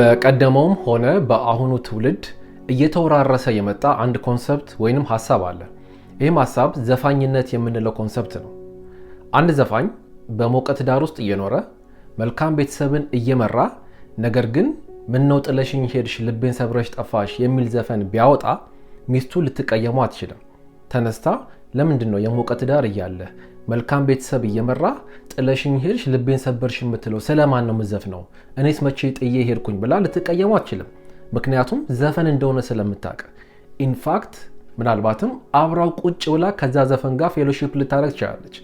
በቀደመውም ሆነ በአሁኑ ትውልድ እየተወራረሰ የመጣ አንድ ኮንሰፕት ወይንም ሀሳብ አለ። ይህም ሀሳብ ዘፋኝነት የምንለው ኮንሰፕት ነው። አንድ ዘፋኝ በሞቀት ዳር ውስጥ እየኖረ መልካም ቤተሰብን እየመራ ነገር ግን ምነው ጥለሽኝ ሄድሽ፣ ልቤን ሰብረሽ ጠፋሽ የሚል ዘፈን ቢያወጣ ሚስቱ ልትቀየመው አትችልም። ተነስታ ለምንድን ነው የሞቀት ዳር እያለ መልካም ቤተሰብ እየመራ ጥለሽኝ ሄድሽ፣ ልቤን ሰበርሽ የምትለው ስለማን ነው ነው እኔስ መቼ ጥዬ ሄድኩኝ ብላ ልትቀየሙ አትችልም። ምክንያቱም ዘፈን እንደሆነ ስለምታውቅ። ኢንፋክት ምናልባትም አብራው ቁጭ ብላ ከዛ ዘፈን ጋር ፌሎሺፕ ልታደረግ ትችላለች።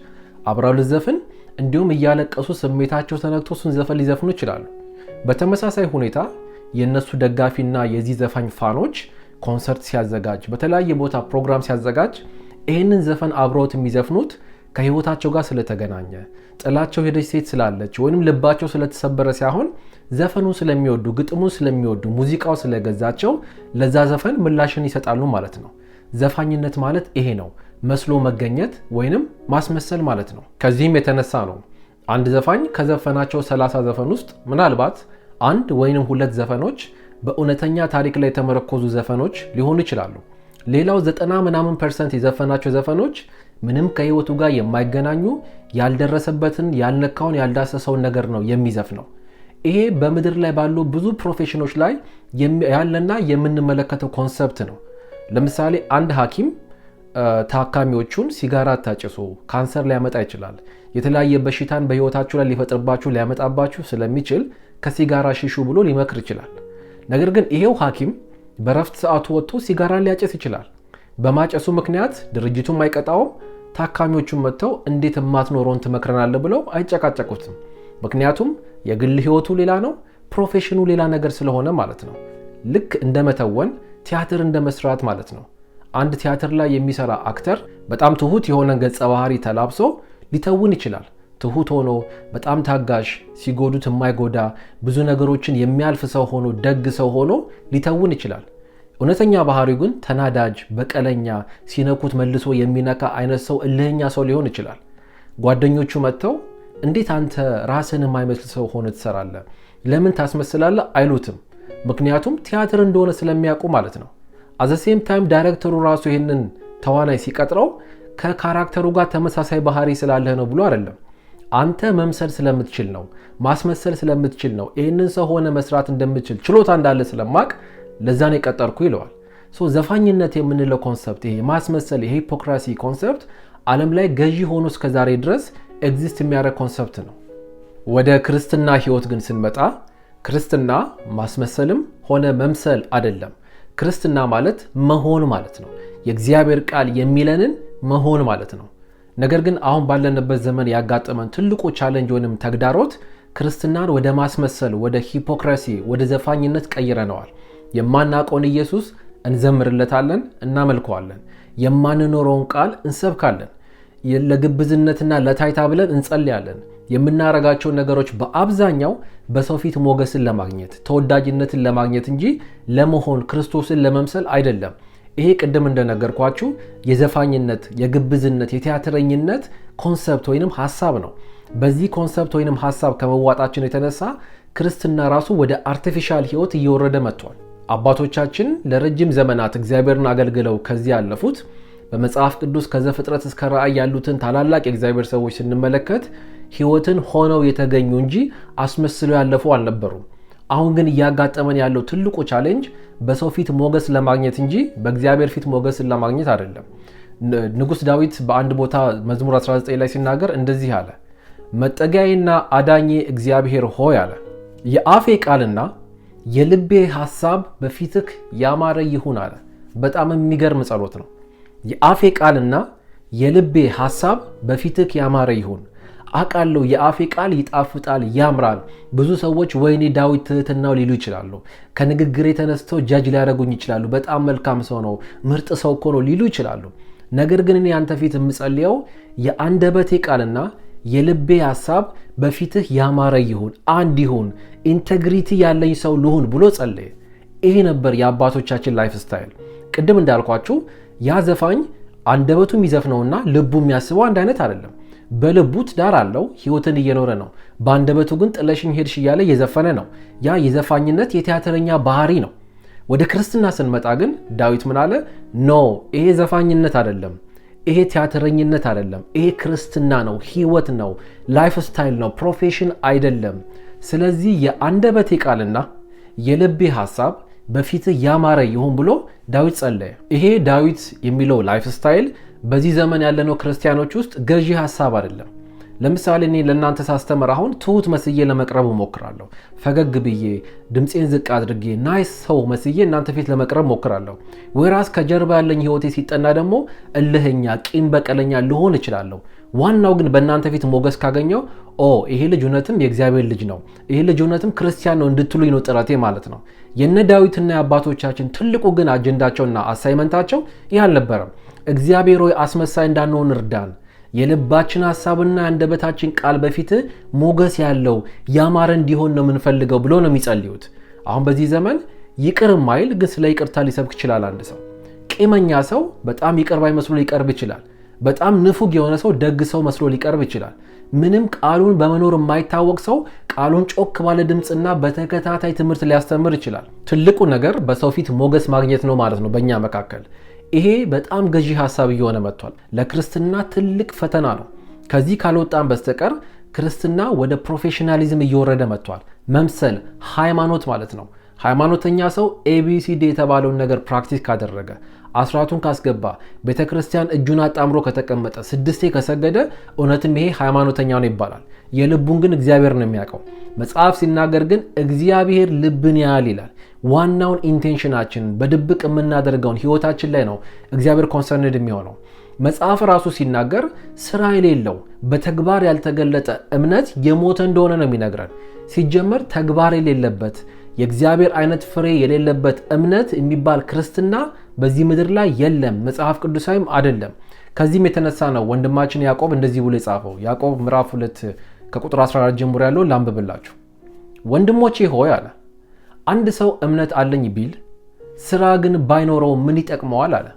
አብራው ልዘፍን እንዲሁም እያለቀሱ ስሜታቸው ተነግቶ እሱን ዘፈን ሊዘፍኑ ይችላሉ። በተመሳሳይ ሁኔታ የእነሱ ደጋፊና የዚህ ዘፋኝ ፋኖች ኮንሰርት ሲያዘጋጅ፣ በተለያየ ቦታ ፕሮግራም ሲያዘጋጅ ይህንን ዘፈን አብረውት የሚዘፍኑት ከህይወታቸው ጋር ስለተገናኘ ጥላቸው ሄደች ሴት ስላለች ወይም ልባቸው ስለተሰበረ ሳይሆን ዘፈኑን ስለሚወዱ ግጥሙን ስለሚወዱ ሙዚቃው ስለገዛቸው ለዛ ዘፈን ምላሽን ይሰጣሉ ማለት ነው። ዘፋኝነት ማለት ይሄ ነው፣ መስሎ መገኘት ወይንም ማስመሰል ማለት ነው። ከዚህም የተነሳ ነው አንድ ዘፋኝ ከዘፈናቸው 30 ዘፈን ውስጥ ምናልባት አንድ ወይንም ሁለት ዘፈኖች በእውነተኛ ታሪክ ላይ የተመረኮዙ ዘፈኖች ሊሆኑ ይችላሉ። ሌላው ዘጠና ምናምን ፐርሰንት የዘፈናቸው ዘፈኖች ምንም ከህይወቱ ጋር የማይገናኙ ያልደረሰበትን፣ ያልነካውን፣ ያልዳሰሰውን ነገር ነው የሚዘፍነው። ይሄ በምድር ላይ ባሉ ብዙ ፕሮፌሽኖች ላይ ያለና የምንመለከተው ኮንሰፕት ነው። ለምሳሌ አንድ ሐኪም ታካሚዎቹን ሲጋራ አታጭሱ፣ ካንሰር ሊያመጣ ይችላል፣ የተለያየ በሽታን በህይወታችሁ ላይ ሊፈጥርባችሁ ሊያመጣባችሁ ስለሚችል ከሲጋራ ሽሹ ብሎ ሊመክር ይችላል። ነገር ግን ይሄው ሐኪም በረፍት ሰዓቱ ወጥቶ ሲጋራ ሊያጨስ ይችላል። በማጨሱ ምክንያት ድርጅቱም አይቀጣውም። ታካሚዎቹም መጥተው እንዴት የማትኖረውን ትመክረናለህ ብለው አይጨቃጨቁትም። ምክንያቱም የግል ህይወቱ ሌላ ነው፣ ፕሮፌሽኑ ሌላ ነገር ስለሆነ ማለት ነው። ልክ እንደ መተወን ቲያትር እንደ መስራት ማለት ነው። አንድ ቲያትር ላይ የሚሰራ አክተር በጣም ትሁት የሆነን ገጸ ባህሪ ተላብሶ ሊተውን ይችላል። ትሁት ሆኖ በጣም ታጋሽ፣ ሲጎዱት የማይጎዳ ብዙ ነገሮችን የሚያልፍ ሰው ሆኖ ደግ ሰው ሆኖ ሊተውን ይችላል። እውነተኛ ባህሪ ግን ተናዳጅ፣ በቀለኛ፣ ሲነኩት መልሶ የሚነካ አይነት ሰው፣ እልህኛ ሰው ሊሆን ይችላል። ጓደኞቹ መጥተው እንዴት አንተ ራስን የማይመስል ሰው ሆነ ትሰራለህ? ለምን ታስመስላለህ? አይሉትም። ምክንያቱም ቲያትር እንደሆነ ስለሚያውቁ ማለት ነው። አዘሴም ታይም ዳይሬክተሩ ራሱ ይህንን ተዋናይ ሲቀጥረው ከካራክተሩ ጋር ተመሳሳይ ባህሪ ስላለህ ነው ብሎ አይደለም አንተ መምሰል ስለምትችል ነው፣ ማስመሰል ስለምትችል ነው፣ ይህንን ሰው ሆነ መስራት እንደምትችል ችሎታ እንዳለ ስለማቅ ለዛ ነው የቀጠርኩ ይለዋል። ዘፋኝነት የምንለው ኮንሰፕት ይሄ ማስመሰል የሂፖክራሲ ኮንሰፕት ዓለም ላይ ገዢ ሆኖ እስከዛሬ ድረስ ኤግዚስት የሚያደርግ ኮንሰፕት ነው። ወደ ክርስትና ህይወት ግን ስንመጣ ክርስትና ማስመሰልም ሆነ መምሰል አይደለም። ክርስትና ማለት መሆን ማለት ነው። የእግዚአብሔር ቃል የሚለንን መሆን ማለት ነው። ነገር ግን አሁን ባለንበት ዘመን ያጋጠመን ትልቁ ቻለንጅ ወይም ተግዳሮት ክርስትናን ወደ ማስመሰል፣ ወደ ሂፖክራሲ፣ ወደ ዘፋኝነት ቀይረነዋል። የማናውቀውን ኢየሱስ እንዘምርለታለን፣ እናመልከዋለን። የማንኖረውን ቃል እንሰብካለን። ለግብዝነትና ለታይታ ብለን እንጸልያለን። የምናረጋቸው ነገሮች በአብዛኛው በሰው ፊት ሞገስን ለማግኘት ተወዳጅነትን ለማግኘት እንጂ ለመሆን ክርስቶስን ለመምሰል አይደለም። ይሄ ቅድም እንደነገርኳችሁ የዘፋኝነት፣ የግብዝነት፣ የቲያትረኝነት ኮንሰፕት ወይንም ሀሳብ ነው። በዚህ ኮንሰፕት ወይንም ሀሳብ ከመዋጣችን የተነሳ ክርስትና ራሱ ወደ አርቲፊሻል ህይወት እየወረደ መጥቷል። አባቶቻችን ለረጅም ዘመናት እግዚአብሔርን አገልግለው ከዚህ ያለፉት በመጽሐፍ ቅዱስ ከዘፍጥረት እስከ ራእይ ያሉትን ታላላቅ የእግዚአብሔር ሰዎች ስንመለከት ህይወትን ሆነው የተገኙ እንጂ አስመስለው ያለፉ አልነበሩም። አሁን ግን እያጋጠመን ያለው ትልቁ ቻሌንጅ በሰው ፊት ሞገስ ለማግኘት እንጂ በእግዚአብሔር ፊት ሞገስን ለማግኘት አይደለም። ንጉሥ ዳዊት በአንድ ቦታ መዝሙር 19 ላይ ሲናገር እንደዚህ አለ፣ መጠጊያዬና አዳኜ እግዚአብሔር ሆይ አለ። የአፌ ቃልና የልቤ ሐሳብ በፊትህ ያማረ ይሁን አለ። በጣም የሚገርም ጸሎት ነው። የአፌ ቃልና የልቤ ሐሳብ በፊትህ ያማረ ይሁን አቃለው የአፌ ቃል ይጣፍጣል ያምራል። ብዙ ሰዎች ወይኔ ዳዊት ትህትናው ሊሉ ይችላሉ። ከንግግር የተነስተው ጃጅ ሊያደርጉኝ ይችላሉ። በጣም መልካም ሰው ነው፣ ምርጥ ሰው እኮ ነው ሊሉ ይችላሉ። ነገር ግን እኔ አንተ ፊት የምጸልየው የአንደበቴ ቃልና የልቤ ሐሳብ በፊትህ ያማረ ይሁን፣ አንድ ይሁን፣ ኢንቴግሪቲ ያለኝ ሰው ልሁን ብሎ ጸልየ። ይሄ ነበር የአባቶቻችን ላይፍ ስታይል። ቅድም እንዳልኳችሁ ያ ዘፋኝ አንደበቱ የሚዘፍነውና ልቡ የሚያስበው አንድ አይነት አይደለም። በልቡ ትዳር አለው፣ ህይወትን እየኖረ ነው። በአንደበቱ ግን ጥለሽኝ ሄድሽ እያለ እየዘፈነ ነው። ያ የዘፋኝነት የቲያትረኛ ባህሪ ነው። ወደ ክርስትና ስንመጣ ግን ዳዊት ምን አለ? ኖ ይሄ ዘፋኝነት አይደለም፣ ይሄ ቲያትረኝነት አይደለም፣ ይሄ ክርስትና ነው፣ ህይወት ነው፣ ላይፍ ስታይል ነው፣ ፕሮፌሽን አይደለም። ስለዚህ የአንደበቴ ቃልና የልቤ ሐሳብ በፊትህ ያማረ ይሁን ብሎ ዳዊት ጸለየ። ይሄ ዳዊት የሚለው ላይፍ ስታይል በዚህ ዘመን ያለነው ክርስቲያኖች ውስጥ ገዢ ሀሳብ አይደለም። ለምሳሌ እኔ ለእናንተ ሳስተምር አሁን ትሁት መስዬ ለመቅረብ እሞክራለሁ። ፈገግ ብዬ ድምፄን ዝቅ አድርጌ ናይስ ሰው መስዬ እናንተ ፊት ለመቅረብ እሞክራለሁ። ራስ ከጀርባ ያለኝ ህይወቴ ሲጠና ደግሞ እልህኛ፣ ቂም በቀለኛ ልሆን እችላለሁ። ዋናው ግን በእናንተ ፊት ሞገስ ካገኘው ኦ ይሄ ልጅ እውነትም የእግዚአብሔር ልጅ ነው፣ ይሄ ልጅ እውነትም ክርስቲያን ነው እንድትሉኝ ነው ጥረቴ ማለት ነው። የነ ዳዊትና የአባቶቻችን ትልቁ ግን አጀንዳቸውና አሳይመንታቸው ይህ አልነበረም። እግዚአብሔር ሆይ አስመሳይ እንዳንሆን እርዳን፣ የልባችን ሀሳብና የአንደበታችን ቃል በፊት ሞገስ ያለው ያማረ እንዲሆን ነው የምንፈልገው ብሎ ነው የሚጸልዩት። አሁን በዚህ ዘመን ይቅር ማይል ግን ስለ ይቅርታ ሊሰብክ ይችላል። አንድ ሰው ቂመኛ ሰው በጣም ይቅር ባይመስሉ ሊቀርብ ይችላል። በጣም ንፉግ የሆነ ሰው ደግ ሰው መስሎ ሊቀርብ ይችላል። ምንም ቃሉን በመኖር የማይታወቅ ሰው ቃሉን ጮክ ባለ ድምፅና በተከታታይ ትምህርት ሊያስተምር ይችላል። ትልቁ ነገር በሰው ፊት ሞገስ ማግኘት ነው ማለት ነው በእኛ መካከል። ይሄ በጣም ገዢ ሀሳብ እየሆነ መጥቷል። ለክርስትና ትልቅ ፈተና ነው። ከዚህ ካልወጣን በስተቀር ክርስትና ወደ ፕሮፌሽናሊዝም እየወረደ መጥቷል። መምሰል ሃይማኖት ማለት ነው። ሃይማኖተኛ ሰው ኤቢሲዲ የተባለውን ነገር ፕራክቲስ ካደረገ አስራቱን ካስገባ ቤተ ክርስቲያን እጁን አጣምሮ ከተቀመጠ ስድስቴ ከሰገደ እውነትም ይሄ ሃይማኖተኛ ነው ይባላል። የልቡን ግን እግዚአብሔር ነው የሚያውቀው። መጽሐፍ ሲናገር ግን እግዚአብሔር ልብን ያያል ይላል። ዋናውን ኢንቴንሽናችን በድብቅ የምናደርገውን ህይወታችን ላይ ነው እግዚአብሔር ኮንሰርንድ የሚሆነው። መጽሐፍ ራሱ ሲናገር ስራ የሌለው በተግባር ያልተገለጠ እምነት የሞተ እንደሆነ ነው የሚነግረን። ሲጀመር ተግባር የሌለበት የእግዚአብሔር አይነት ፍሬ የሌለበት እምነት የሚባል ክርስትና በዚህ ምድር ላይ የለም፣ መጽሐፍ ቅዱሳዊም አይደለም። ከዚህም የተነሳ ነው ወንድማችን ያዕቆብ እንደዚህ ብሎ የጻፈው። ያዕቆብ ምዕራፍ 2 ከቁጥር 14 ጀምሮ ያለው ላንብብላችሁ። ወንድሞቼ ሆይ አለ፣ አንድ ሰው እምነት አለኝ ቢል ስራ ግን ባይኖረው ምን ይጠቅመዋል? አለ።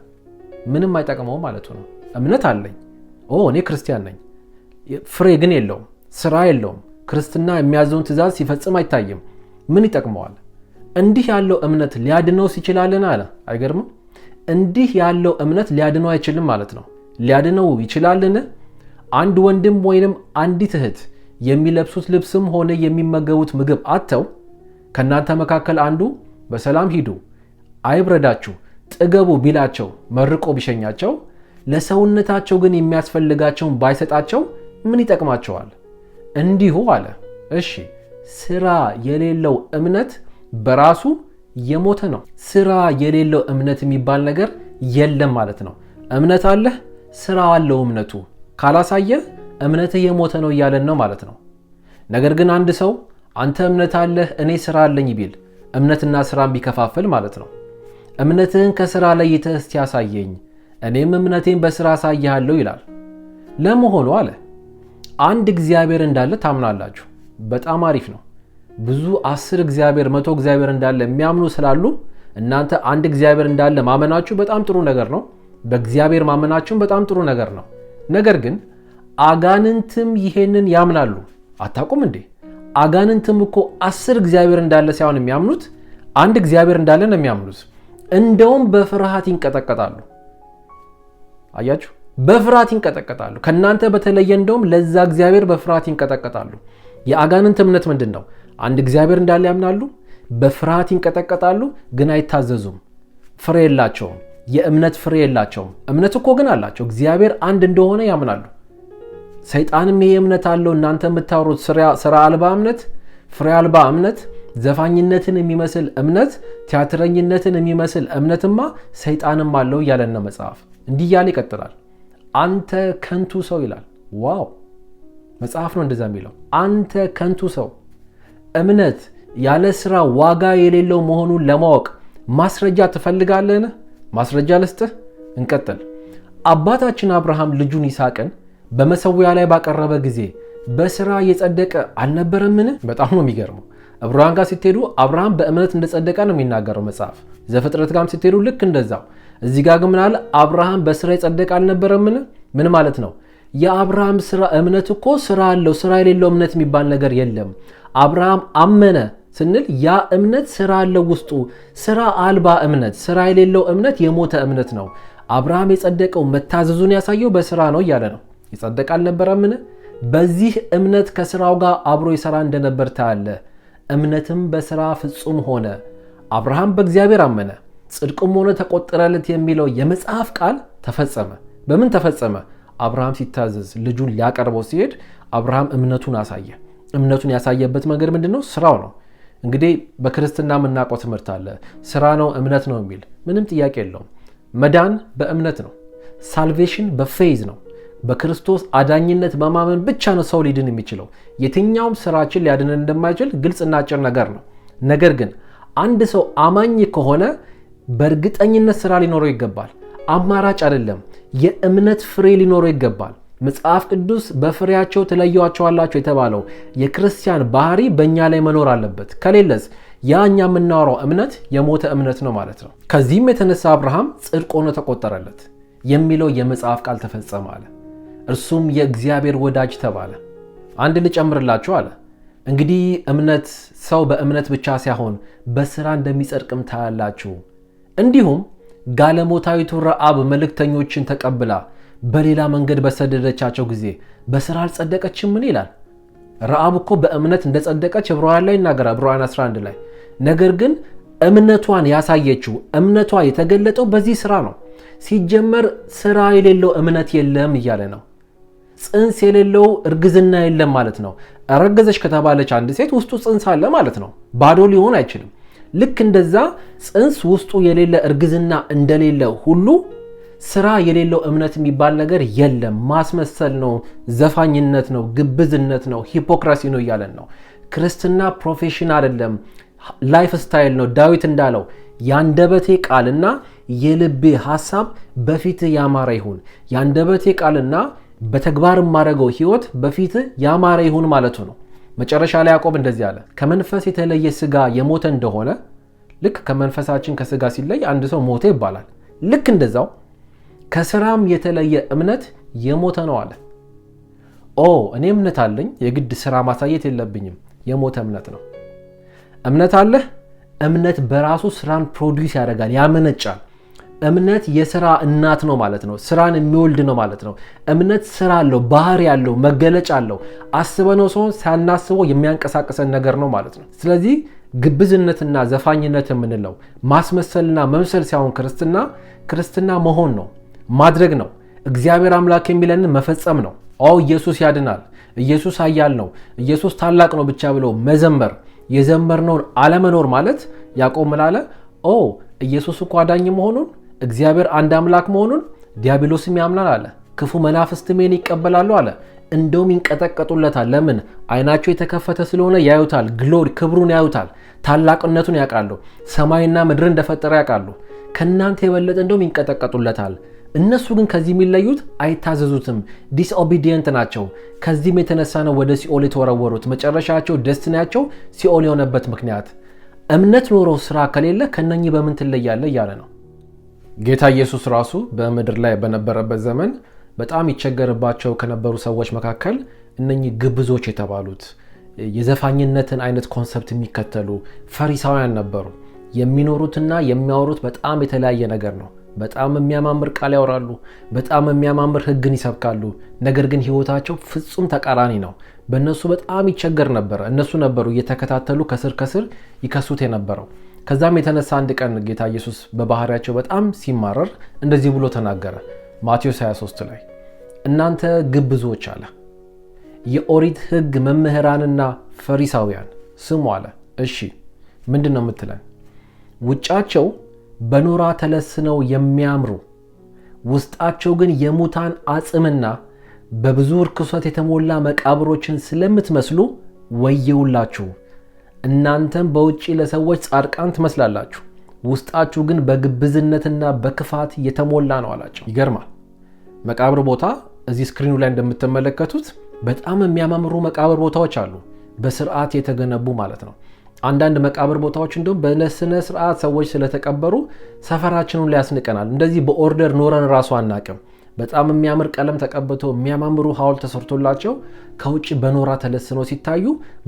ምንም አይጠቅመው ማለቱ ነው። እምነት አለኝ፣ ኦ እኔ ክርስቲያን ነኝ፣ ፍሬ ግን የለውም፣ ስራ የለውም፣ ክርስትና የሚያዘውን ትእዛዝ ሲፈጽም አይታይም ምን ይጠቅመዋል? እንዲህ ያለው እምነት ሊያድነውስ ይችላልን? አለ። አይገርምም? እንዲህ ያለው እምነት ሊያድነው አይችልም ማለት ነው። ሊያድነው ይችላልን? አንድ ወንድም ወይንም አንዲት እህት የሚለብሱት ልብስም ሆነ የሚመገቡት ምግብ አጥተው ከእናንተ መካከል አንዱ በሰላም ሂዱ፣ አይብረዳችሁ፣ ጥገቡ ቢላቸው መርቆ ቢሸኛቸው ለሰውነታቸው ግን የሚያስፈልጋቸውን ባይሰጣቸው ምን ይጠቅማቸዋል? እንዲሁ አለ። እሺ ስራ የሌለው እምነት በራሱ የሞተ ነው። ስራ የሌለው እምነት የሚባል ነገር የለም ማለት ነው። እምነት አለህ፣ ስራ አለው እምነቱ ካላሳየ እምነትህ የሞተ ነው እያለን ነው ማለት ነው። ነገር ግን አንድ ሰው አንተ እምነት አለህ እኔ ስራ አለኝ ቢል እምነትና ስራን ቢከፋፍል ማለት ነው። እምነትህን ከስራ ለይተህ እስቲ ያሳየኝ፣ እኔም እምነቴን በስራ አሳይሃለሁ ይላል። ለመሆኑ አለ አንድ እግዚአብሔር እንዳለ ታምናላችሁ በጣም አሪፍ ነው። ብዙ አስር እግዚአብሔር መቶ እግዚአብሔር እንዳለ የሚያምኑ ስላሉ እናንተ አንድ እግዚአብሔር እንዳለ ማመናችሁ በጣም ጥሩ ነገር ነው። በእግዚአብሔር ማመናችሁም በጣም ጥሩ ነገር ነው። ነገር ግን አጋንንትም ይሄንን ያምናሉ። አታውቁም እንዴ? አጋንንትም እኮ አስር እግዚአብሔር እንዳለ ሳይሆን የሚያምኑት አንድ እግዚአብሔር እንዳለ ነው የሚያምኑት። እንደውም በፍርሃት ይንቀጠቀጣሉ። አያችሁ፣ በፍርሃት ይንቀጠቀጣሉ። ከእናንተ በተለየ እንደውም ለዛ እግዚአብሔር በፍርሃት ይንቀጠቀጣሉ። የአጋንንት እምነት ምንድን ነው? አንድ እግዚአብሔር እንዳለ ያምናሉ፣ በፍርሃት ይንቀጠቀጣሉ፣ ግን አይታዘዙም። ፍሬ የላቸውም። የእምነት ፍሬ የላቸውም። እምነት እኮ ግን አላቸው። እግዚአብሔር አንድ እንደሆነ ያምናሉ። ሰይጣንም ይሄ እምነት አለው። እናንተ የምታወሩት ስራ አልባ እምነት፣ ፍሬ አልባ እምነት፣ ዘፋኝነትን የሚመስል እምነት፣ ቲያትረኝነትን የሚመስል እምነትማ ሰይጣንም አለው እያለነ መጽሐፍ እንዲህ እያለ ይቀጥላል። አንተ ከንቱ ሰው ይላል። ዋው መጽሐፍ ነው እንደዛ የሚለው አንተ ከንቱ ሰው እምነት ያለ ስራ ዋጋ የሌለው መሆኑን ለማወቅ ማስረጃ ትፈልጋለህን? ማስረጃ ልስጥህ። እንቀጥል። አባታችን አብርሃም ልጁን ይስሐቅን በመሰዊያ ላይ ባቀረበ ጊዜ በስራ የጸደቀ አልነበረምን? በጣም ነው የሚገርመው። ዕብራውያን ጋር ስትሄዱ አብርሃም በእምነት እንደጸደቀ ነው የሚናገረው መጽሐፍ። ዘፍጥረት ጋርም ስትሄዱ ልክ እንደዛው። እዚህ ጋር ግምናል አብርሃም በስራ የጸደቀ አልነበረምን? ምን ማለት ነው? የአብርሃም ስራ እምነት እኮ ስራ አለው። ስራ የሌለው እምነት የሚባል ነገር የለም። አብርሃም አመነ ስንል ያ እምነት ስራ አለው ውስጡ። ስራ አልባ እምነት፣ ስራ የሌለው እምነት የሞተ እምነት ነው። አብርሃም የጸደቀው መታዘዙን ያሳየው በስራ ነው እያለ ነው። ይጸደቅ አልነበረምን? በዚህ እምነት ከስራው ጋር አብሮ ይሰራ እንደነበር ታያለ። እምነትም በስራ ፍጹም ሆነ። አብርሃም በእግዚአብሔር አመነ፣ ጽድቅም ሆነ ተቆጠረለት የሚለው የመጽሐፍ ቃል ተፈጸመ። በምን ተፈጸመ? አብርሃም ሲታዘዝ ልጁን ሊያቀርበው ሲሄድ አብርሃም እምነቱን አሳየ። እምነቱን ያሳየበት መንገድ ምንድን ነው? ስራው ነው። እንግዲህ በክርስትና የምናውቀው ትምህርት አለ። ስራ ነው እምነት ነው የሚል ምንም ጥያቄ የለውም። መዳን በእምነት ነው። ሳልቬሽን በፌዝ ነው። በክርስቶስ አዳኝነት በማመን ብቻ ነው ሰው ሊድን የሚችለው። የትኛውም ስራችን ሊያድንን እንደማይችል ግልጽና አጭር ነገር ነው። ነገር ግን አንድ ሰው አማኝ ከሆነ በእርግጠኝነት ስራ ሊኖረው ይገባል። አማራጭ አይደለም። የእምነት ፍሬ ሊኖረው ይገባል። መጽሐፍ ቅዱስ በፍሬያቸው ትለዩዋቸዋላቸው የተባለው የክርስቲያን ባህሪ በእኛ ላይ መኖር አለበት። ከሌለስ ያ እኛ የምናወራው እምነት የሞተ እምነት ነው ማለት ነው። ከዚህም የተነሳ አብርሃም ጽድቅ ሆኖ ተቆጠረለት የሚለው የመጽሐፍ ቃል ተፈጸመ አለ። እርሱም የእግዚአብሔር ወዳጅ ተባለ። አንድ ልጨምርላችሁ አለ። እንግዲህ እምነት ሰው በእምነት ብቻ ሳይሆን በስራ እንደሚጸድቅም ታያላችሁ። እንዲሁም ጋለሞታዊቱ ረአብ መልእክተኞችን ተቀብላ በሌላ መንገድ በሰደደቻቸው ጊዜ በስራ አልጸደቀችም? ምን ይላል? ረአብ እኮ በእምነት እንደጸደቀች ዕብራውያን ላይ ይናገራል፣ ዕብራውያን 11 ላይ። ነገር ግን እምነቷን ያሳየችው እምነቷ የተገለጠው በዚህ ስራ ነው። ሲጀመር ስራ የሌለው እምነት የለም እያለ ነው። ጽንስ የሌለው እርግዝና የለም ማለት ነው። ረገዘች ከተባለች አንድ ሴት ውስጡ ጽንስ አለ ማለት ነው። ባዶ ሊሆን አይችልም። ልክ እንደዛ ጽንስ ውስጡ የሌለ እርግዝና እንደሌለ ሁሉ ስራ የሌለው እምነት የሚባል ነገር የለም። ማስመሰል ነው፣ ዘፋኝነት ነው፣ ግብዝነት ነው፣ ሂፖክራሲ ነው እያለን ነው። ክርስትና ፕሮፌሽን አይደለም፣ ላይፍ ስታይል ነው። ዳዊት እንዳለው የአንደበቴ ቃልና የልቤ ሀሳብ በፊት ያማረ ይሁን። የአንደበቴ ቃልና በተግባር የማደርገው ህይወት በፊት ያማረ ይሁን ማለቱ ነው። መጨረሻ ላይ ያዕቆብ እንደዚህ አለ፣ ከመንፈስ የተለየ ስጋ የሞተ እንደሆነ ልክ ከመንፈሳችን ከስጋ ሲለይ አንድ ሰው ሞተ ይባላል። ልክ እንደዛው ከስራም የተለየ እምነት የሞተ ነው አለ። ኦ እኔ እምነት አለኝ፣ የግድ ስራ ማሳየት የለብኝም። የሞተ እምነት ነው። እምነት አለህ። እምነት በራሱ ስራን ፕሮዲውስ ያደርጋል፣ ያመነጫል። እምነት የስራ እናት ነው ማለት ነው። ስራን የሚወልድ ነው ማለት ነው። እምነት ስራ አለው፣ ባህሪ ያለው፣ መገለጫ አለው። አስበነው ሲሆን ሳናስበው የሚያንቀሳቅሰን ነገር ነው ማለት ነው። ስለዚህ ግብዝነትና ዘፋኝነት የምንለው ማስመሰልና መምሰል ሳይሆን ክርስትና ክርስትና መሆን ነው፣ ማድረግ ነው። እግዚአብሔር አምላክ የሚለንን መፈጸም ነው። አዎ ኢየሱስ ያድናል፣ ኢየሱስ ኃያል ነው፣ ኢየሱስ ታላቅ ነው ብቻ ብሎ መዘመር የዘመርነውን አለመኖር ማለት ያዕቆብ ምን አለ? ኦ ኢየሱስ እኮ አዳኝ መሆኑን እግዚአብሔር አንድ አምላክ መሆኑን ዲያብሎስም ያምናል አለ። ክፉ መናፍስት ይህን ይቀበላሉ አለ። እንደውም ይንቀጠቀጡለታል። ለምን? አይናቸው የተከፈተ ስለሆነ ያዩታል። ግሎሪ ክብሩን ያዩታል። ታላቅነቱን ያውቃሉ። ሰማይና ምድር እንደፈጠረ ያውቃሉ። ከእናንተ የበለጠ እንደውም ይንቀጠቀጡለታል። እነሱ ግን ከዚህ የሚለዩት አይታዘዙትም፣ ዲስኦቢዲየንት ናቸው። ከዚህም የተነሳ ነው ወደ ሲኦል የተወረወሩት። መጨረሻቸው ደስትናቸው ሲኦል የሆነበት ምክንያት እምነት ኖሮ ስራ ከሌለ ከነኚህ በምን ትለያለ እያለ ነው። ጌታ ኢየሱስ ራሱ በምድር ላይ በነበረበት ዘመን በጣም ይቸገርባቸው ከነበሩ ሰዎች መካከል እነኚህ ግብዞች የተባሉት የዘፋኝነትን አይነት ኮንሰፕት የሚከተሉ ፈሪሳውያን ነበሩ። የሚኖሩትና የሚያወሩት በጣም የተለያየ ነገር ነው። በጣም የሚያማምር ቃል ያወራሉ፣ በጣም የሚያማምር ህግን ይሰብካሉ። ነገር ግን ህይወታቸው ፍጹም ተቃራኒ ነው። በእነሱ በጣም ይቸገር ነበረ። እነሱ ነበሩ እየተከታተሉ ከስር ከስር ይከሱት የነበረው። ከዛም የተነሳ አንድ ቀን ጌታ ኢየሱስ በባህሪያቸው በጣም ሲማረር እንደዚህ ብሎ ተናገረ። ማቴዎስ 23 ላይ እናንተ ግብዞች አለ፣ የኦሪት ህግ መምህራንና ፈሪሳውያን ስሙ አለ። እሺ ምንድን ነው የምትለን? ውጫቸው በኖራ ተለስነው የሚያምሩ ውስጣቸው ግን የሙታን አጽምና በብዙ ርኩሰት የተሞላ መቃብሮችን ስለምትመስሉ ወየውላችሁ እናንተም በውጭ ለሰዎች ጻድቃን ትመስላላችሁ፣ ውስጣችሁ ግን በግብዝነትና በክፋት የተሞላ ነው አላቸው። ይገርማል። መቃብር ቦታ እዚህ ስክሪኑ ላይ እንደምትመለከቱት በጣም የሚያማምሩ መቃብር ቦታዎች አሉ፣ በስርዓት የተገነቡ ማለት ነው። አንዳንድ መቃብር ቦታዎች እንዲሁም በስነ ስርዓት ሰዎች ስለተቀበሩ ሰፈራችንን ሊያስንቀናል። እንደዚህ በኦርደር ኖረን ራሱ አናቅም። በጣም የሚያምር ቀለም ተቀብቶ የሚያማምሩ ሐውልት ተሰርቶላቸው ከውጭ በኖራ ተለስኖ ሲታዩ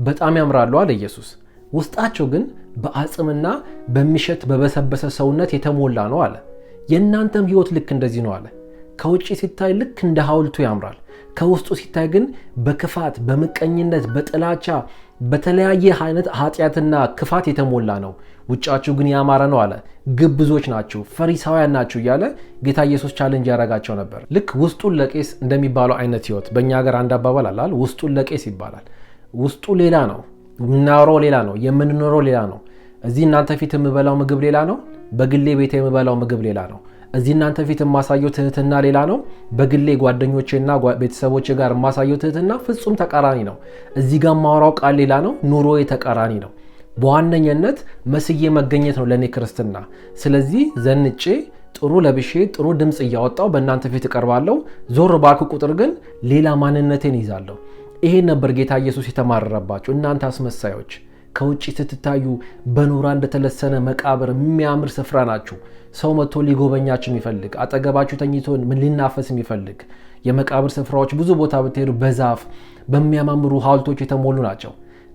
በጣም ያምራሉ አለ ኢየሱስ። ውስጣቸው ግን በአጽምና በሚሸት በበሰበሰ ሰውነት የተሞላ ነው አለ። የእናንተም ህይወት ልክ እንደዚህ ነው አለ። ከውጭ ሲታይ ልክ እንደ ሐውልቱ ያምራል፣ ከውስጡ ሲታይ ግን በክፋት፣ በምቀኝነት፣ በጥላቻ፣ በተለያየ አይነት ኃጢአትና ክፋት የተሞላ ነው። ውጫችሁ ግን ያማረ ነው አለ። ግብዞች ናችሁ፣ ፈሪሳውያን ናችሁ እያለ ጌታ ኢየሱስ ቻለንጅ ያደረጋቸው ነበር። ልክ ውስጡን ለቄስ እንደሚባለው አይነት ህይወት በእኛ ሀገር አንድ አባባል አላል፣ ውስጡን ለቄስ ይባላል። ውስጡ ሌላ ነው የምናወራው ሌላ ነው፣ የምንኖረው ሌላ ነው። እዚህ እናንተ ፊት የምበላው ምግብ ሌላ ነው፣ በግሌ ቤት የምበላው ምግብ ሌላ ነው። እዚህ እናንተ ፊት የማሳየው ትህትና ሌላ ነው። በግሌ ጓደኞቼና ቤተሰቦቼ ጋር የማሳየው ትህትና ፍጹም ተቃራኒ ነው። እዚህ ጋር ማውራው ቃል ሌላ ነው። ኑሮ ተቃራኒ ነው። በዋነኝነት መስዬ መገኘት ነው ለእኔ ክርስትና። ስለዚህ ዘንጬ ጥሩ ለብሼ ጥሩ ድምፅ እያወጣው በእናንተ ፊት እቀርባለሁ። ዞር ባልኩ ቁጥር ግን ሌላ ማንነቴን ይዛለሁ። ይሄን ነበር ጌታ ኢየሱስ የተማረረባቸው። እናንተ አስመሳዮች ከውጭ ስትታዩ በኖራ እንደተለሰነ መቃብር የሚያምር ስፍራ ናችሁ። ሰው መጥቶ ሊጎበኛችሁ የሚፈልግ አጠገባችሁ ተኝቶ ምን ሊናፈስ የሚፈልግ የመቃብር ስፍራዎች ብዙ ቦታ ብትሄዱ በዛፍ በሚያማምሩ ሐውልቶች የተሞሉ ናቸው።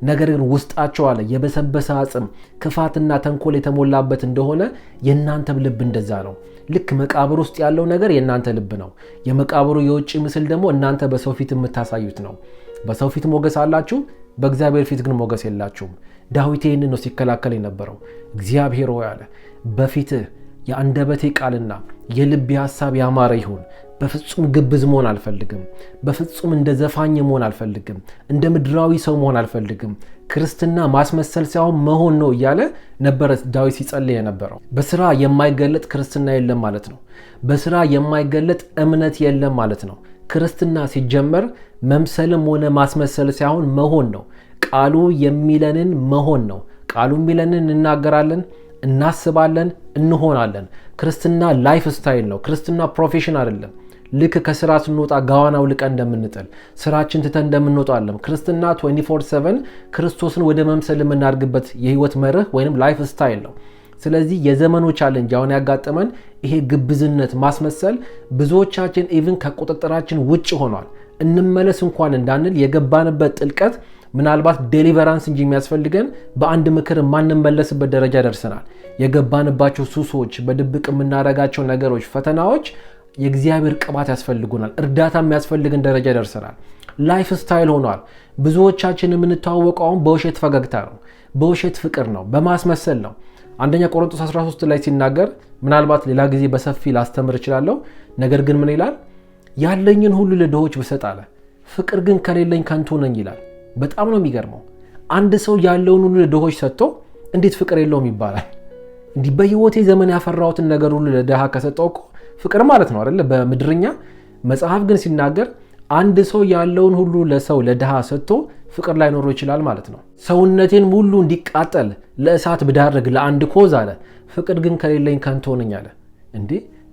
ነገር ግን ውስጣቸው አለ የበሰበሰ አጽም፣ ክፋትና ተንኮል የተሞላበት እንደሆነ የእናንተም ልብ እንደዛ ነው። ልክ መቃብር ውስጥ ያለው ነገር የእናንተ ልብ ነው። የመቃብሩ የውጭ ምስል ደግሞ እናንተ በሰው ፊት የምታሳዩት ነው። በሰው ፊት ሞገስ አላችሁ፣ በእግዚአብሔር ፊት ግን ሞገስ የላችሁም። ዳዊት ይህንን ነው ሲከላከል የነበረው። እግዚአብሔር ሆይ አለ በፊትህ የአንደበቴ ቃልና የልቤ ሐሳብ ያማረ ይሁን። በፍጹም ግብዝ መሆን አልፈልግም። በፍጹም እንደ ዘፋኝ መሆን አልፈልግም። እንደ ምድራዊ ሰው መሆን አልፈልግም። ክርስትና ማስመሰል ሳይሆን መሆን ነው እያለ ነበረ ዳዊት ሲጸልይ የነበረው። በስራ የማይገለጥ ክርስትና የለም ማለት ነው። በስራ የማይገለጥ እምነት የለም ማለት ነው። ክርስትና ሲጀመር መምሰልም ሆነ ማስመሰል ሳይሆን መሆን ነው። ቃሉ የሚለንን መሆን ነው። ቃሉ የሚለንን እናገራለን፣ እናስባለን፣ እንሆናለን። ክርስትና ላይፍ ስታይል ነው። ክርስትና ፕሮፌሽን አይደለም። ልክ ከስራ ስንወጣ ጋዋን አውልቀን እንደምንጥል ስራችን ትተን እንደምንወጣ አለም። ክርስትና 24/7 ክርስቶስን ወደ መምሰል የምናድግበት የህይወት መርህ ወይም ላይፍ ስታይል ነው። ስለዚህ የዘመኑ ቻለንጅ አሁን ያጋጠመን ይሄ ግብዝነት ማስመሰል ብዙዎቻችን ኢቭን ከቁጥጥራችን ውጭ ሆኗል። እንመለስ እንኳን እንዳንል የገባንበት ጥልቀት ምናልባት ዴሊቨራንስ እንጂ የሚያስፈልገን በአንድ ምክር የማንመለስበት ደረጃ ደርሰናል። የገባንባቸው ሱሶች፣ በድብቅ የምናደርጋቸው ነገሮች፣ ፈተናዎች የእግዚአብሔር ቅባት ያስፈልጉናል። እርዳታ የሚያስፈልገን ደረጃ ደርሰናል። ላይፍ ስታይል ሆኗል። ብዙዎቻችን የምንተዋወቀው አሁን በውሸት ፈገግታ ነው። በውሸት ፍቅር ነው፣ በማስመሰል ነው። አንደኛ ቆሮንቶስ 13 ላይ ሲናገር ምናልባት ሌላ ጊዜ በሰፊ ላስተምር እችላለሁ፣ ነገር ግን ምን ይላል? ያለኝን ሁሉ ለድሆች ብሰጥ አለ፣ ፍቅር ግን ከሌለኝ ከንቱ ነኝ ይላል። በጣም ነው የሚገርመው። አንድ ሰው ያለውን ሁሉ ለድሆች ሰጥቶ እንዴት ፍቅር የለውም ይባላል? እንዲህ በህይወቴ ዘመን ያፈራሁትን ነገር ሁሉ ለድሃ ከሰጠው እኮ ፍቅር ማለት ነው አይደለ? በምድርኛ መጽሐፍ ግን ሲናገር አንድ ሰው ያለውን ሁሉ ለሰው ለድሃ ሰጥቶ ፍቅር ላይኖረው ይችላል ማለት ነው። ሰውነቴን ሙሉ እንዲቃጠል ለእሳት ብዳርግ ለአንድ ኮዝ አለ፣ ፍቅር ግን ከሌለኝ ከንቱ ነኝ አለ። እንዴ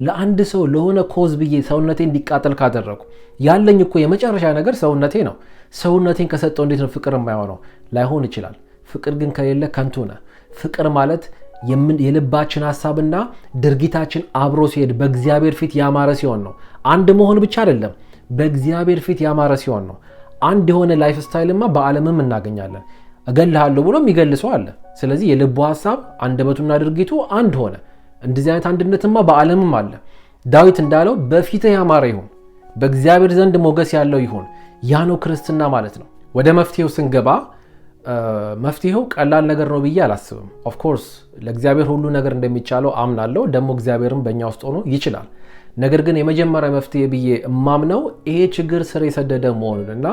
ለአንድ ሰው ለሆነ ኮዝ ብዬ ሰውነቴ እንዲቃጠል ካደረጉ ያለኝ እኮ የመጨረሻ ነገር ሰውነቴ ነው። ሰውነቴን ከሰጠው እንዴት ነው ፍቅር የማይሆነው? ላይሆን ይችላል። ፍቅር ግን ከሌለ ከንቱ ነ ፍቅር ማለት የልባችን ሀሳብና ድርጊታችን አብሮ ሲሄድ በእግዚአብሔር ፊት ያማረ ሲሆን ነው። አንድ መሆን ብቻ አይደለም በእግዚአብሔር ፊት ያማረ ሲሆን ነው። አንድ የሆነ ላይፍ ስታይልማ በዓለምም እናገኛለን። እገልሃለሁ ብሎ የሚገልሰው አለ። ስለዚህ የልቡ ሀሳብ አንደበቱና ድርጊቱ አንድ ሆነ። እንደዚህ አይነት አንድነትማ በዓለምም አለ። ዳዊት እንዳለው በፊትህ ያማረ ይሁን፣ በእግዚአብሔር ዘንድ ሞገስ ያለው ይሁን። ያ ነው ክርስትና ማለት ነው። ወደ መፍትሄው ስንገባ መፍትሄው ቀላል ነገር ነው ብዬ አላስብም። ኦፍኮርስ ለእግዚአብሔር ሁሉ ነገር እንደሚቻለው አምናለሁ። ደግሞ እግዚአብሔርም በእኛ ውስጥ ሆኖ ይችላል። ነገር ግን የመጀመሪያ መፍትሄ ብዬ እማምነው ይሄ ችግር ስር የሰደደ መሆኑን እና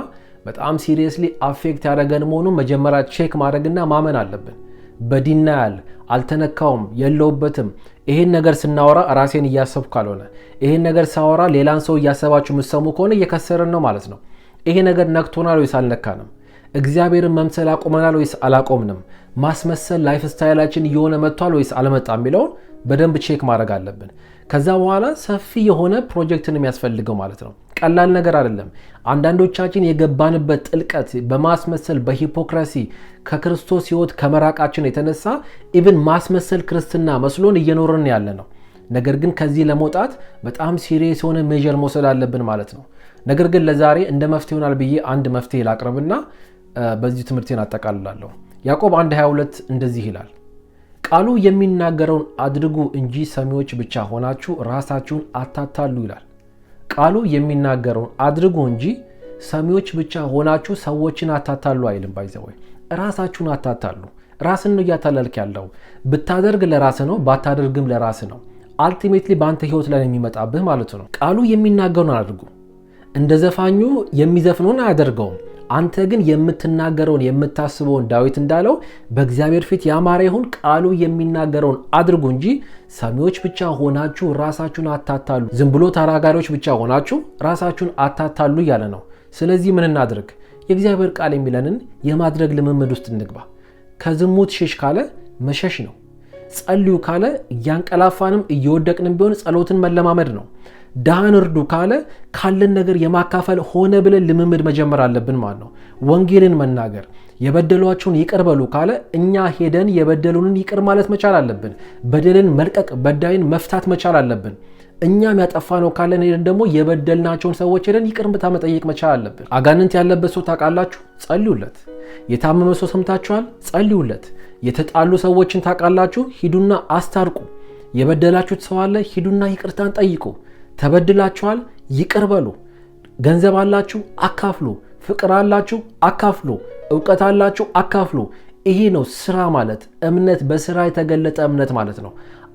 በጣም ሲሪየስሊ አፌክት ያደረገን መሆኑን መጀመሪያ ቼክ ማድረግና ማመን አለብን። በዲናያል አልተነካውም፣ የለውበትም ይሄን ነገር ስናወራ ራሴን እያሰብ ካልሆነ ይሄን ነገር ሳወራ ሌላን ሰው እያሰባችሁ የምትሰሙ ከሆነ እየከሰረን ነው ማለት ነው። ይሄ ነገር ነክቶናል ወይስ አልነካንም? እግዚአብሔርን መምሰል አቁመናል ወይስ አላቆምንም? ማስመሰል ላይፍ ስታይላችን እየሆነ መጥቷል ወይስ አልመጣም የሚለውን በደንብ ቼክ ማድረግ አለብን። ከዛ በኋላ ሰፊ የሆነ ፕሮጀክትን የሚያስፈልገው ማለት ነው። ቀላል ነገር አይደለም። አንዳንዶቻችን የገባንበት ጥልቀት በማስመሰል በሂፖክራሲ ከክርስቶስ ሕይወት ከመራቃችን የተነሳ ኢቭን ማስመሰል ክርስትና መስሎን እየኖርን ያለ ነው። ነገር ግን ከዚህ ለመውጣት በጣም ሲሪየስ የሆነ ሜዥር መውሰድ አለብን ማለት ነው። ነገር ግን ለዛሬ እንደ መፍትሄ ይሆናል ብዬ አንድ መፍትሄ ላቅርብና በዚህ ትምህርቴን አጠቃልላለሁ። ያዕቆብ 1 22 እንደዚህ ይላል ቃሉ የሚናገረውን አድርጉ እንጂ ሰሚዎች ብቻ ሆናችሁ ራሳችሁን አታታሉ ይላል። ቃሉ የሚናገረውን አድርጉ እንጂ ሰሚዎች ብቻ ሆናችሁ ሰዎችን አታታሉ አይልም። ባይዘወይ ራሳችሁን አታታሉ። ራስን ነው እያታለልክ ያለው። ብታደርግ ለራስ ነው፣ ባታደርግም ለራስ ነው። አልቲሜትሊ በአንተ ህይወት ላይ የሚመጣብህ ማለት ነው። ቃሉ የሚናገረውን አድርጉ። እንደ ዘፋኙ የሚዘፍነውን አያደርገውም። አንተ ግን የምትናገረውን የምታስበውን ዳዊት እንዳለው በእግዚአብሔር ፊት ያማረ ይሁን ቃሉ የሚናገረውን አድርጉ እንጂ ሰሚዎች ብቻ ሆናችሁ ራሳችሁን አታታሉ፣ ዝም ብሎ ተናጋሪዎች ብቻ ሆናችሁ ራሳችሁን አታታሉ እያለ ነው። ስለዚህ ምን እናድርግ? የእግዚአብሔር ቃል የሚለንን የማድረግ ልምምድ ውስጥ እንግባ። ከዝሙት ሽሽ ካለ መሸሽ ነው። ጸልዩ ካለ እያንቀላፋንም እየወደቅንም ቢሆን ጸሎትን መለማመድ ነው። ድሃን እርዱ ካለ ካለን ነገር የማካፈል ሆነ ብለን ልምምድ መጀመር አለብን ማለት ነው። ወንጌልን መናገር የበደሏቸውን ይቅር በሉ ካለ እኛ ሄደን የበደሉንን ይቅር ማለት መቻል አለብን። በደልን መልቀቅ፣ በዳይን መፍታት መቻል አለብን። እኛም ያጠፋ ነው ካለን ሄደን ደግሞ የበደልናቸውን ሰዎች ሄደን ይቅርታ መጠየቅ መቻል አለብን። አጋንንት ያለበት ሰው ታውቃላችሁ፣ ጸልዩለት። የታመመ ሰው ሰምታችኋል፣ ጸልዩለት። የተጣሉ ሰዎችን ታውቃላችሁ፣ ሂዱና አስታርቁ። የበደላችሁት ሰው አለ፣ ሂዱና ይቅርታን ጠይቁ። ተበድላችኋል፣ ይቅር በሉ። ገንዘብ አላችሁ፣ አካፍሉ። ፍቅር አላችሁ፣ አካፍሉ። እውቀት አላችሁ፣ አካፍሉ። ይሄ ነው ስራ ማለት እምነት በስራ የተገለጠ እምነት ማለት ነው።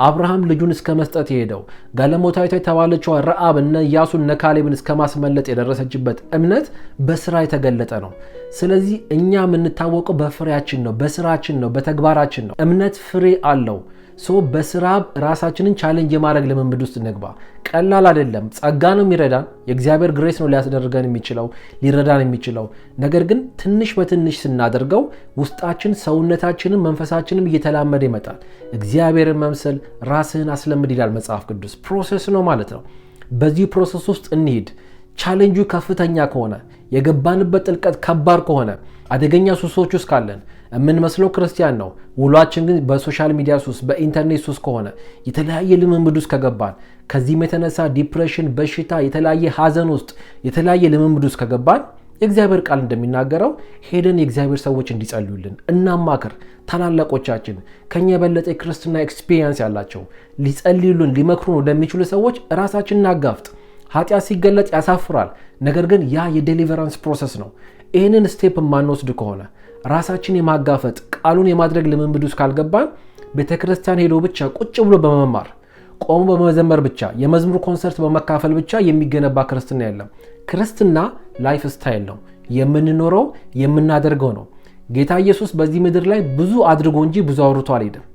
አብርሃም ልጁን እስከ መስጠት የሄደው ጋለሞታዊቷ የተባለችዋ ረአብ እነ ኢያሱን እነ ካሌብን እስከ ማስመለጥ የደረሰችበት እምነት በስራ የተገለጠ ነው። ስለዚህ እኛ የምንታወቀው በፍሬያችን ነው፣ በስራችን ነው፣ በተግባራችን ነው። እምነት ፍሬ አለው። ሶ በስራ ራሳችንን ቻሌንጅ የማድረግ ልምምድ ውስጥ ንግባ። ቀላል አይደለም። ጸጋ ነው የሚረዳን፣ የእግዚአብሔር ግሬስ ነው ሊያስደርገን የሚችለው ሊረዳን የሚችለው ነገር ግን ትንሽ በትንሽ ስናደርገው ውስጣችን፣ ሰውነታችንም መንፈሳችንም እየተላመደ ይመጣል። እግዚአብሔርን መምሰል ራስህን አስለምድ ይላል መጽሐፍ ቅዱስ። ፕሮሰስ ነው ማለት ነው። በዚህ ፕሮሰስ ውስጥ እንሂድ። ቻሌንጁ ከፍተኛ ከሆነ የገባንበት ጥልቀት ከባድ ከሆነ አደገኛ ሱሶች ውስጥ ካለን የምንመስለው ክርስቲያን ነው። ውሏችን ግን በሶሻል ሚዲያ ሱስ፣ በኢንተርኔት ሱስ ከሆነ የተለያየ ልምምድ ውስጥ ከገባን ከዚህም የተነሳ ዲፕሬሽን፣ በሽታ፣ የተለያየ ሀዘን ውስጥ የተለያየ ልምምድ ውስጥ ከገባን የእግዚአብሔር ቃል እንደሚናገረው ሄደን የእግዚአብሔር ሰዎች እንዲጸልዩልን እናማክር። ታላላቆቻችን ከኛ የበለጠ የክርስትና ኤክስፒሪየንስ ያላቸው ሊጸልዩልን ሊመክሩን ወደሚችሉ ሰዎች ራሳችን እናጋፍጥ። ኃጢአት ሲገለጽ ያሳፍራል። ነገር ግን ያ የዴሊቨራንስ ፕሮሰስ ነው። ይህንን ስቴፕ የማንወስድ ከሆነ ራሳችን የማጋፈጥ ቃሉን የማድረግ ልምምድ ውስጥ ካልገባን ቤተ ክርስቲያን ሄዶ ብቻ ቁጭ ብሎ በመማር ቆሞ በመዘመር ብቻ የመዝሙር ኮንሰርት በመካፈል ብቻ የሚገነባ ክርስትና የለም። ክርስትና ላይፍ ስታይል ነው። የምንኖረው የምናደርገው ነው። ጌታ ኢየሱስ በዚህ ምድር ላይ ብዙ አድርጎ እንጂ ብዙ አውርቶ አልሄድም።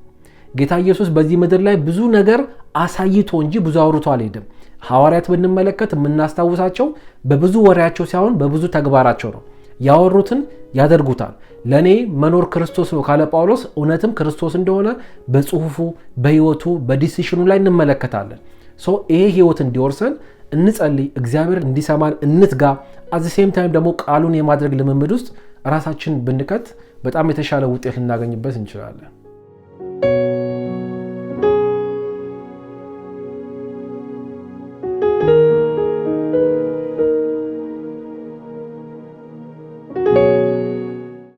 ጌታ ኢየሱስ በዚህ ምድር ላይ ብዙ ነገር አሳይቶ እንጂ ብዙ አውርቶ አልሄድም። ሐዋርያት ብንመለከት የምናስታውሳቸው በብዙ ወሬያቸው ሳይሆን በብዙ ተግባራቸው ነው። ያወሩትን ያደርጉታል። ለእኔ መኖር ክርስቶስ ነው ካለ ጳውሎስ እውነትም ክርስቶስ እንደሆነ በጽሁፉ፣ በህይወቱ፣ በዲሲሽኑ ላይ እንመለከታለን። ይሄ ህይወት እንዲወርሰን እንጸልይ፣ እግዚአብሔር እንዲሰማን እንትጋ። አዚ ሴም ታይም ደግሞ ቃሉን የማድረግ ልምምድ ውስጥ ራሳችን ብንከት በጣም የተሻለ ውጤት ልናገኝበት እንችላለን።